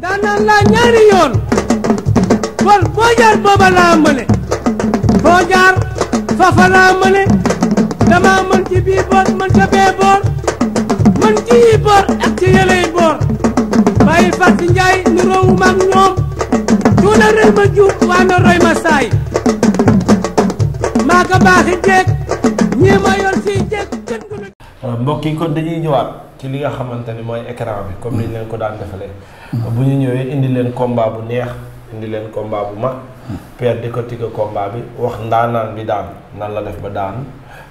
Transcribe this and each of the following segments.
ndaanaan laa ñaari yoon kon boo jaar booba laa mëne foo jaar laa mëne dama mën ci bii boor mën ca bee ci yi boor ak ci njaay nu roowu maag ñoom tuuna rëy ma waa na roy maa ko baaxi ñii ma yor si jeeg gën mbokk yi ci li nga xamante ni mooy écran bi comme mm. niñ leen ko daan defalee bu ñu ñëwee indi leen combat bu neex indi leen combat bu mag père di ko tigga combat bi wax ndaanaan bi daanu nan la def ba daanu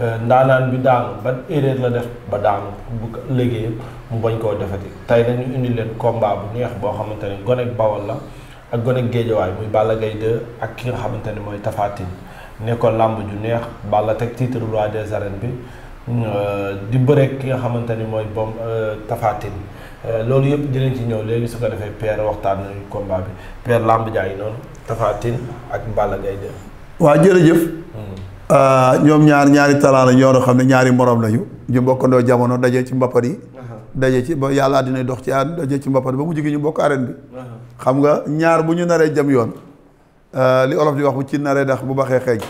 euh, ndaanaan bi daanu ban erreur la def ba daanu bu léegi mu bañ koo defati tey nañu indi leen combat bu neex boo xamante ni gonek bawal la ak gone gonek géejawaay muy Balla Gaye 2 ak ki nga xamante ni mooy Tapha Tine nekkoon làmb ju neex Balla teg titre roi des arènes bi Euh, di bëreeg ki nga xamante ni mooy bom euh, tafaatin euh, loolu yëpp dinañ ci ñëw léegi su ko defee Père waxtaan nañu combat bi Père làmb jaay noonu tafaatin ak Balla Gaye de waaw jërëjëf hmm. ñoom ñaar ñaari talaa la ñoo xam ne ñaari morom lañu ñu bokkandoo jamono daje ci mbappat yi daje ci ba yàlla dina dox ci ànd daje ci mbappat ba mu jigi ñu bokk arène bi xam nga ñaar bu ñu naree jëm yoon li olof di wax bu ci naree dax bu baxee xeej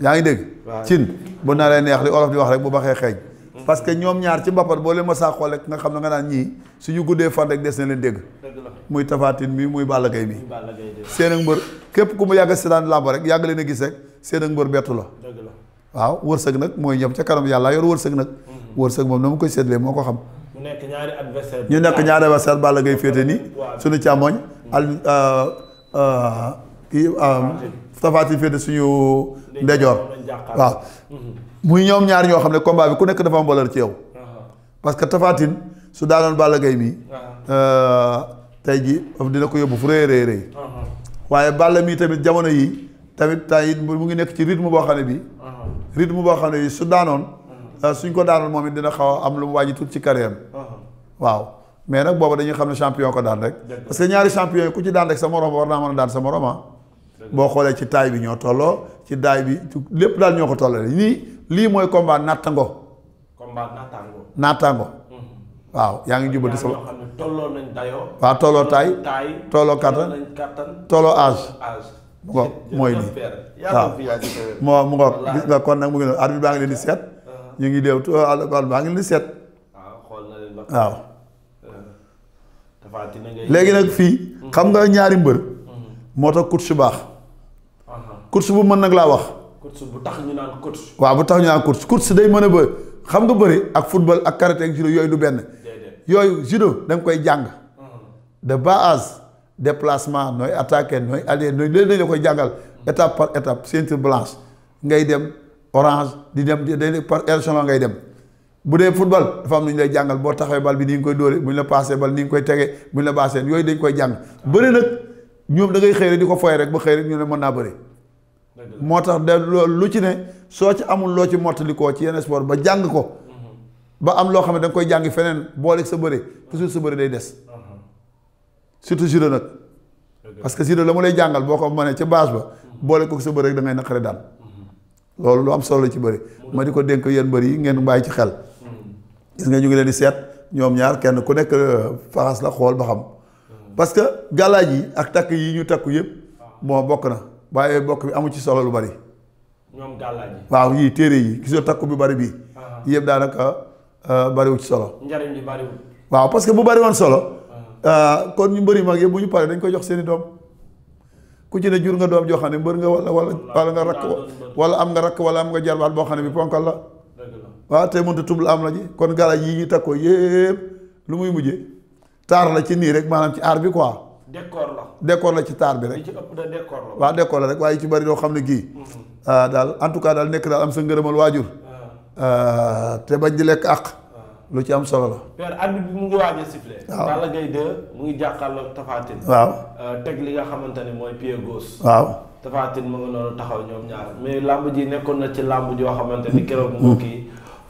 yaa ngi dégg cin bu naree neex li olof di wax rek bu baxee xeeñ mm. parce que ñoom ñaar ci mbappat boo leen ma saa xool rek nga xam ne nga naan ñii suñu guddee fan rek des na leen dégg muy tafaatin mi muy Balla Gaye mi seen mbër képp ku mu yàgg seetaan làmb rek yàgg leen a gis rek seen ak mbër bettu la waaw wërsëg nag mooy ñoom ca kanam yàlla yor wërsëg nag mm-hmm. wërsëg moom na mu koy seetlee moo ko xam ñu nekk ñaari adversaire ñu nekk ñaari adversaire Balla Gaye féete nii suñu càmmoñ euh, euh, euh, Tapha Tine féete suñu ndejoor waaw mhm. muy ñoom ñaar ñoo xam ne combat bi ku nekk dafa am valeur ci yow parce que Tapha Tine su daanoon Balla Gaye mii euh, tey ji dina ko yóbbu fu rëy rëy rëy waaye Balla mii tamit jamono yi tamit temps yi mu ngi nekk ci rythme boo xam ne bi rythme boo xam ne yi su daanoon euh, suñ ko daanoon moom it dina xaw am lu mu wàññi tuuti ci carrière waaw mais nag booba dañuy xam ne champion ko daan rek parce que ñaari champion yi ku ci daan sa morom war naa a boo xoolee ci taay bi ñoo tolloo ci daay bi lépp daal ñoo ko tolloo nii lii mooy combat nattangoo combat nattango. nattango. Mhm. waaw yaa ngi jubati sama. tolloo nañ dayoo. waaw tolloo taay. tolloo kattan tolloo âge. mu ngoog mooy lii waaw moo mu ngoog gis nga kon nag mu ngi noonu arbitre baa ngi leen di seet. Uh-huh. ñu ngi déew arbitre ah, baa ngi leen di seet. waaw. Uh, léegi nag fii. Mm-hmm. xam nga ñaari mbër. Mm-hmm. moo tax coach bu baax. course bu mën nag laa wax. course bu tax ñu naan course. waaw bu tax ñu naan course course day mën a bëri xam nga bëri ak football ak karaté ak judo yooyu du benn. yooyu judo da nga koy jàng. Hmm. de bas âge déplacement nooy attaqué nooy aller nooy léeg la koy jàngal étape par étape ceinture blanche ngay dem orange di dem day par échelon ngay dem. bu dee football dafa am lu ñu lay jàngal boo taxee bal bi ni nga koy dóore bu ñu la paasee bal ni nga koy tegee bu ñu la baasee yooyu dañ koy jàng bëri nag ñoom da ngay xëy rek di ko foyee rek ba xëy rek ñu ne mën naa bëri. moo tax de lu ci ne soo ci amul loo ci mottalikoo ci yenn sport ba jàng ko mm-hmm. ba am loo xam ne da koy jàngi feneen boole sa bëre mm-hmm. toujours sa bëre day des mm-hmm. surtout judo nag parce que judo la mu lay jàngal boo ko mënee ci base ba boole ko sa bëre rek da ngay naqare daal loolu lu am solo ci bëri ma di ko dénk yéen bëri yi ngeen bàyyi ci xel gis nga ñu ngi leen di seet ñoom ñaar kenn ku nekk euh, faxas la xool ba xam parce que galaaj yi ak takk yi ñu takku yëpp moo ah. bokk na waaye bokk bi amu ci solo lu bari. ñoom gàllaaj waaw yii téere yi gisoo takku bi bari bii. yëpp daanaka euh, bariwul ci solo. njariñ bi bariwul. waaw parce que bu bari woon solo. Euh, kon ñu mbëri mag yëpp bu ñu pare dañ koy jox seeni doom ku ci ne jur nga doom joo xam ne mbër nga wala wala wala nga rakk wala am nga rakk wala am nga jarbaat boo xam ne bi ponkal la. waaw te mënta tub la am la ji kon gàllaaj yi ñu takkoo yëpp lu muy mujjee taar la ci nii rek maanaam ci aar bi quoi. décor la. décor la ci taar bi rek. li ci ëpp da la. rek waaye ci bari doo xam ne kii. Mm-hmm. Ah, daal en tout cas daal nekk daal am sa ngërëmal waajur. Ah. Ah, te bañ di lekk àq. lu ci am solo la. père mu ngi waaj a sifflé. waaw teg li nga xamante ne mooy pied gauche. waaw Tapha Tine mu ngi noonu taxaw ñoom ñaar mais làmb ji nekkoon na ci làmb joo xamante ni keroog mbokk yi. Mm.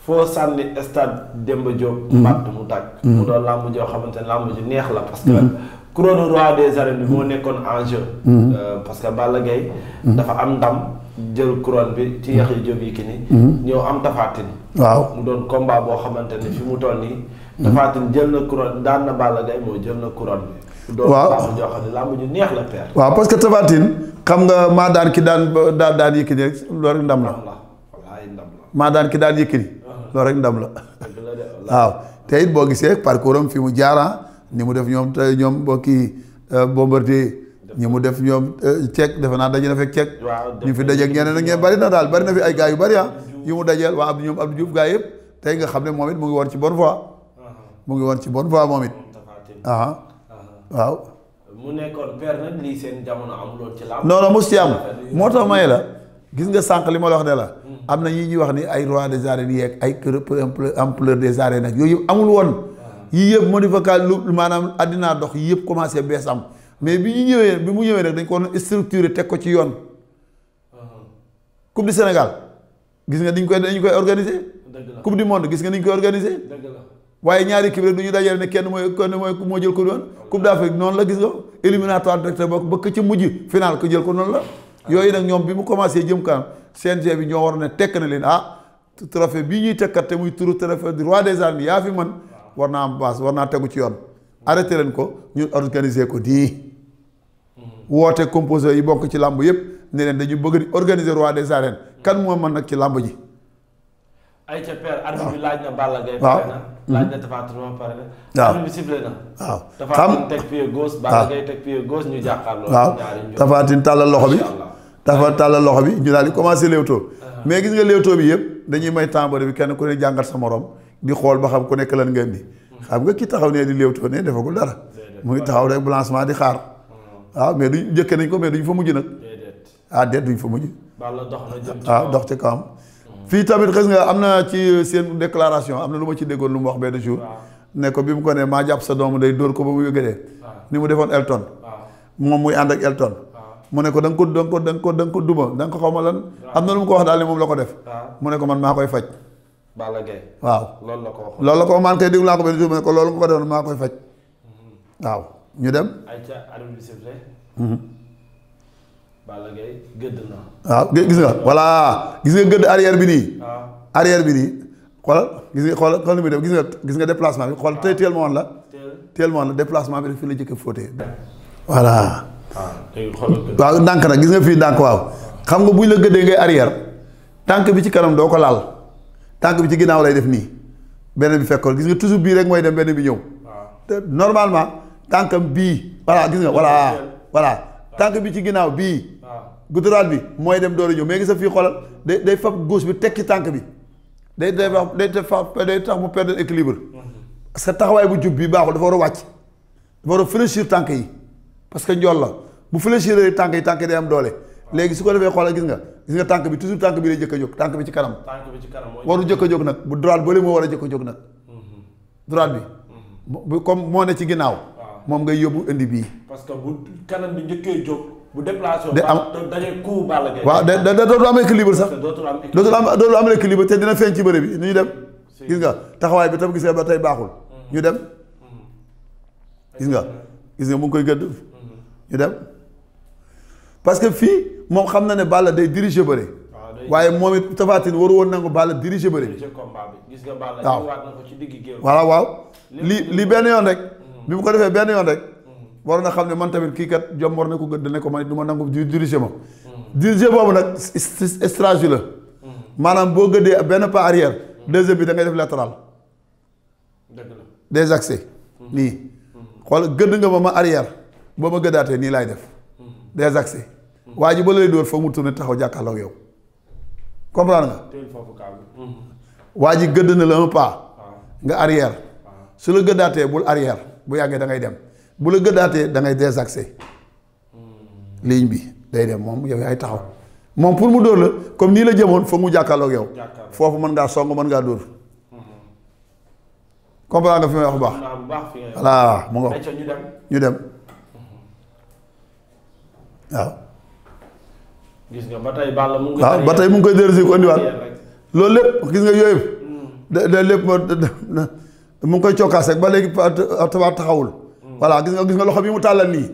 foo sànni stade Demba Diop. mbàtt mm. mu tàgg. Mm. mu doon làmb joo xamante ne làmb neex la parce couronne roi des arènes bi moo nekkoon en mhm. euh, parce que Balla Gaye mhm. dafa am ndam jël couronne bi ci yax jóg yi ki ni ñëw am tafaatin waaw mu doon combat boo xamante ne fi mu toll nii. tafaatin jël na couronne daan na Balla Gaye moo jël na couronne bi. waaw parce que tafaatin xam nga maa daan ki daan daan daan yëkkati rek ndam la. maa daan ki daan yëkkati. Ah. loolu rek ndam la. waaw te it boo gisee parcours am fi mu jaaraan. Ah, ni mu def ñoom tey ñoom kii euh, Bombardier ñi mu def ñoom Cech defe naa daje na fekk Cech ñu fi daje ak ñeneen ak ñeneen bari na daal bari na fi ay gaa yu bari ah mu dajeel waa Abdou ñoom Abdou Diouf gars yëpp tey nga xam ne moom it mu ngi woon ci bonne voie uh-huh. mu ngi woon ci bon voie moom it aa ah, ah. uh-huh. waaw mu nekkoon père ci lamb non non mos ci am moo tax may la mm. gis nga sànq li ma la wax ne la mm. am na ñi ñuy wax ni ay roi des arènes yeeg ay empereur de arènes nag yooyu yëpp amul woon yii yëpp modifical lu maanaam addinaa dox yii yëpp commencé bees am mais bi ñu ñëwee bi mu ñëwee rek dañ ko waroon structuré teg ko ci yoon uh-huh. coupe du Sénégal gis nga niñ koy dañ koy organiser. coupe du monde gis nga niñ koy organiser. waaye ñaari équipe rek du ñu dajale ne kenn mooy kenn mooy moo jël ko doon coupe d'Afrique noonu la gis nga éliminatoire directeur bokk ba ci mujj final ko jël ko noon la. yooyu nag ñoom bi mu commencé jëm kanam CNG bi ñoo war ne tekk na leen ah trophée bii ñuy tekkat te muy turu trophée du roi des arènes yaa fi man war naa am base war naa tegu ci yoon arrêté leen ko ñu organiser ko nii woote composé yi bokk ci làmb yépp ne leen dañu bëgg di organiser roi des arènes kan moo mën nag ci làmb ji ay ca père laaj na Balla Gaye waaw mhm. laaj na Tapha Tine ba pare waaw arbitre bi sifflé na waaw Tapha Tine teg pied gauche Balla Gaye teg ñu tàllal loxo bi dafa tàllal loxo bi ñu daal di commencé léewtoo uh-huh. mais gis nga léewtoo bi yëpp dañuy may tàmbali bi kenn ku ne jàngat sa moroom di xool ba xam ku nekk lan ngeen di xam nga ki taxaw nee di léewtoo ne defagul dara mu ngi taxaw rek balancement di xaar mm-hmm. waaw mais duñ jëkke nañ ko mais duñ fa mujj nag ah déet duñ fa mujj ah dox ci kawam mm-hmm. fii tamit xis nga am na ci euh, seen déclaration am na lu ma ci déggoon lu mu wax benn jour ne ko bi mu ko ne maa jàpp sa doom day dóor ko ba mu yëgadee ni mu defoon Elton moom muy ànd ak Elton mu ne ko da ko da nga ko da nga ko da nga ko duma da nga ko xaw ma lan am na lu mu ko wax daal ne moom la ko def mu ne ko man maa koy faj Balla Gaye waaw loolu la ko wax loolu la ko man kay déglu naa ko benn jour ma ko loolu nga ko doon maa koy faj mm-hmm. waaw ñu dem mm-hmm. Balla Gaye gëdd waaw gis nga voilà gis nga gëdd arrière bi nii ah. arrière bi nii xoolal gis nga xoolal xoolal mi gis nga déplacement bi xool tey ah. teel moon la teel moon la déplacement bi rek fii la jëkk fóotee voilà ah, waaw ndànk nag gis nga fii ndànk waaw xam nga buñ la gëddee ngay arrière tànk bi ci kanam doo ko laal tànk bi ci ginnaaw lay def nii benn bi fekkoon gis nga toujours bii rek mooy dem benn bi ñëw. normalement tànkam bii voilà gis nga voilà voilà tànk bi ci ginnaaw bii. guddoraat bi mooy dem door ñëw mais gis nga fii xoolal day day fab gauche bi teg ci tànk bi day day day tax mu perdre équilibre. sa mhm. taxawaay bu jub bi baaxul dafa war a wàcc dafa war a tànk yi parce que njool la bu fléchir tànk yi tànk yi day am doole. léegi su ko defee xoolal gis nga gis nga tànk bi toujours tànk bi lay jëkk a jóg tànk bi ci kanam. tànk jëkk jóg nag bu droite bële moo war a jëkk a jóg nag. Mhm. droite bi. Mhm. comme moo ne ci ginnaaw. moom ngay yóbbu indi bii. parce am dañuy coup Balla Gaye. da da dootul am équilibre sax. dootul am équilibre dootul am dootul am te dina feeñ ci bëre bi ñu dem. gis nga taxawaay bi tam gis nga ba tey baaxul. Mhm. ñu dem. gis nga gis nga mu koy gëdd. ñu dem parce fii. moom xam na ne Balla day diriger bëre. waaye moom it Tapha Tine woon nangu Balla diriger bëre. gis nga Balla ñëwaat na ko waaw lii lii benn yoon rek. Mm. bi mu ko defee benn yoon rek. Mm. war na xam ne man tamit kii kat jom war na ko gëdd ne ko man it du ma nangu diriger ma. Mm. diriger boobu nag stratégie la. maanaam boo gëddee benn pas arrière. deuxième bi da ngay def latéral. dëgg la des accès. nii xool gëdd nga ma ma arrière boo ma gëddaatee nii laay def. des accès. waa ji ba lay dóor foog mu tourné taxaw jàkkaarloog yow comprendre nga. Mhm. waa ji gëdd na la un pas. Ah. nga arrière. Ah. su la gëddaatee bul arrière bu yàggee da ngay dem bu la gëddaatee dangay ngay désaxé hmm. ligne bi day dem moom yow yaay taxaw moom pour mu dóor la comme nii la jëmoon foog mu jàkkaarloog yow. foofu mën ngaa song mën ngaa dóor. Mhm. comprendre nga fi may wax bu baax. voilà mu nga ñu dem. ñu dem mhm. waaw. gis nga ba tey Balla mu koy. waaw ba tey mu ngi koy dellusi ko indiwaat loolu lépp gis nga yooyu yëpp. da hmm. da lépp mu ngi koy cokkaas rek ba léegi tabaar taxawul. Hmm. voilà gis nga gis nga loxo bi mu tàllal nii.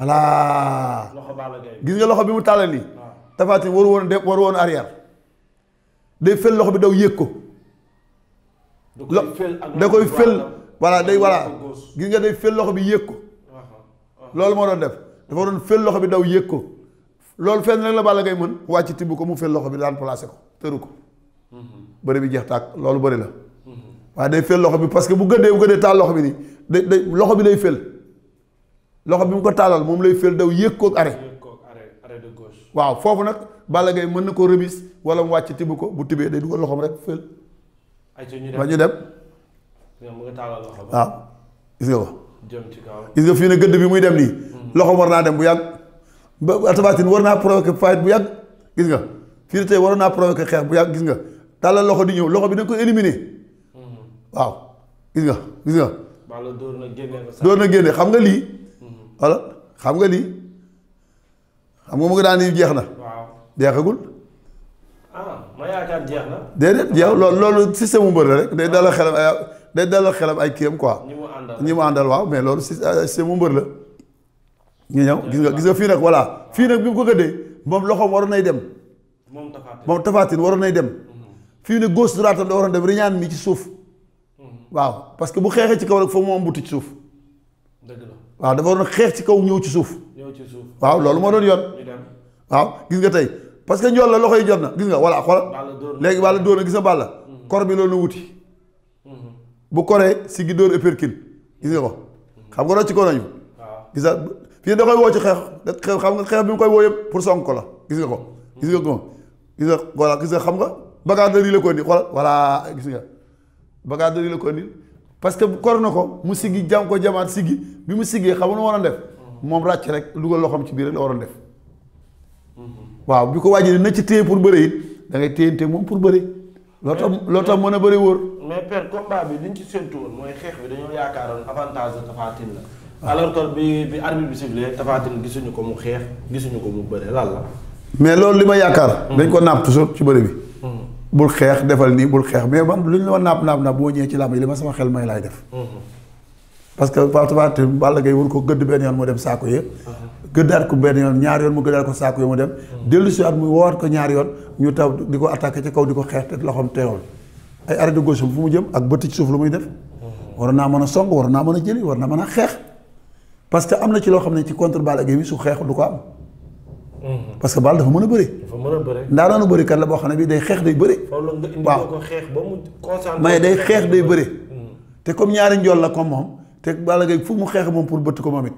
voilà gis nga loxo bi mu tàllal nii. Tapha Tine waru woon de waru woon arrière. day fël loxo bi daw yéeg ko. da koy fël voilà day voilà gis nga day fël loxo bi yéeg ko. Uh-huh. Uh-huh. loolu moo doon def dafa doon fël loxo bi daw yéeg ko. loolu fen rek la Balla Gaye mën wàcc tibb ko mu fel loxo bi daan placé ko tëru ko bëri bi jeex tàkk loolu bari la waaye day fel loxo bi parce que bu gëddee bu gëddee taal loxo bi nii day day loxo bi day fel loxo bi mu ko taalal moom lay fel daw yéeg ko arrêt waaw foofu nag Balla Gaye mën na ko remise wala mu wàcc tibb ko bu tibbee day dugal loxoom rek fel ba ñu dem waaw gis nga ko gis nga fii ne gëdd bi muy dem nii mm-hmm. loxo war naa dem bu yàgg ba Tapha war naa provoqué fight bu yàgg gis nga fii tey waroon naa provoqué xeex bu yàgg gis nga tàllal loxo di ñëw loxo bi dañ ko éliminer mm-hmm. waaw gis nga gis nga. door na génne xam nga lii. wala mm-hmm. xam nga lii xam nga mu ngi daan nii jeex na. waaw jeexagul. ah ma yaakaar jeex na. déedéet jeex loolu loolu système mu mbër la rek day dalal xelam ay day dalal xelam ay kiyam quoi. ñi mu àndal mu àndal waaw mais loolu euh, système mu mbër la. nga ñëw gis nga gis nga fii nag voilà fii nag bi mu ko gëddee moom loxoom waroon nay dem. moom tafaatin moom tafaatin waroon nay dem. Mhm. fii ne gauche droite am da waroon dem riñaan mi ci suuf. Mhm. waaw parce que bu xeexee ci kaw rek foog moom am buti ci suuf. dëgg la waaw dafa waroon xeex ci kaw ñëw ci suuf. ñëw ci suuf waaw loolu moo doon yoon. waaw gis nga tey parce que njool la loxo yi jot na gis nga voilà xoolal. léegi bàlla dóor na gis nga bàlla. Mhm. kor bi loolu wuti. bu koree si gi dóor ëpperkin gis nga ko. xam nga rocc ko nañu. gis nga fii da koy woo ci xeex xeex xam nga xeex bi mu koy woo yëpp pour sonk ko la gis nga ko gis nga ko gis nga gis nga xam nga bagaar dëri la ko indi xoolal voilà gis parce que kor na ko mu siggi jam ko jamaat siggi bi mu siggee xam nga war a def moom ràcc rek dugal loxoom ci biir rek la waroon def waaw bi ko wàaji na ci téye pour bëre it dangay ngay téyante moom pour bëre loo tax loo tax mën a bëre wóor mais père combat bi liñ ci séntu woon mooy xeex bi dañoo yaakaaroon avantage de alors que bi bi arbitre bi sifflé Tapha Tine gisuñu ko mu xeex gisuñu ko mu bëre lan la. mais loolu li ma yaakaar. Hmm. dañ ko napp toujours ci bëri bi. Hmm. bul xeex defal nii bul xeex mais man lu ñu la napp napp napp boo ñëwee ci làmb yi li ma sama xel may laay def. Hmm. parce que Tapha Tine Balla ko gëdd benn yoon moo dem saako yëpp. gëddaat ko benn yoon ñaari yoon mu gëddaat ko saako yëpp mu dem. dellu at mu woowaat ko ñaari yoon ñu taw di ko attaqué ci kaw di ko xeex te loxoom teewul ay arrêt de gauche fu mu jëm ak bëtt ci suuf lu muy def. a song war a jëli war parce que am na ci loo xam ne ci contre Balla bi su xeexul du ko am. Mhm. parce que Balla dafa mën a bëri. dafa mën a bëri ndaanaanu boo xam ne bii day xeex day bëri. waaw ko ba mu concentré mais day xeex day bëri. te comme ñaari njool la comme moom te Balla fu mu xeex moom pour bëtt ko moom it.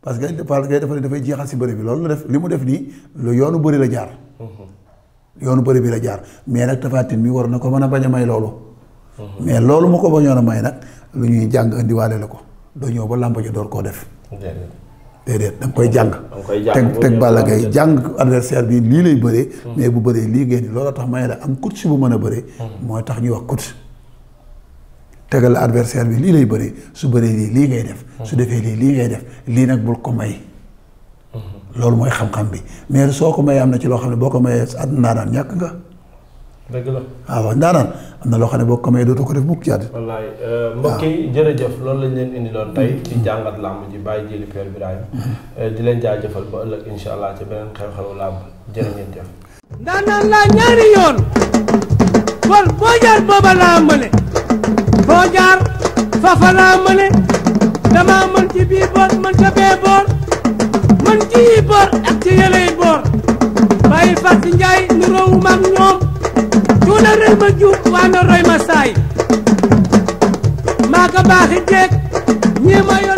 parce que Balla Gaye dafa dafay jeexal si bëri bi loolu la def li mu def nii lu yoonu bëri la jaar. Mhm. yoonu bëri bi la jaar mais nag Tapha Tine mi war na ko mën a bañ a may loolu. Mhm. mais loolu mu ko bañoon a may nag lu ñuy jàng indiwaale la ko doo ñëw ba làmb ja door koo def déedéet da koy jàng teg teg Balla Gaye jàng adversaire bi lii lay bëree hmm. mais bu bëree lii ngeen di looloo tax may la am coach bu mën a bëree hmm. mooy tax ñuy wax coach tegal la adversaire bi lii lay bëree su bëree lii lii ngay def hmm. su defee lii lii ngay def lii nag bul ko may loolu mooy xam-xam bi mais soo ko mayee am na ci loo xam ne boo ko mayee àdduna daan ñàkk nga dëgg la ah, waaw ndaanaan am na loo xam ne boo ko may dootoo ko def mukk ci àddina. wallaay euh, ah. mbokk yi jërëjëf loolu lañ leen indi loon tey mm-hmm. ci jàngat làmb ji bàyyi jëli Père Birahim mm-hmm. euh, di leen allah ci beneen xew-xewu laa ñaari yoon kon boo jaar booba laa mëne boo jaar fafa laa mëne damaa mën ci bii boor mën ca bee boor mën ci boor ak ci yële boor bàyyi Fatou Ndiaye niroowu ma ñoom. rew ma juut waa na roy ma saay maa ko baaxi jeeg ñii ma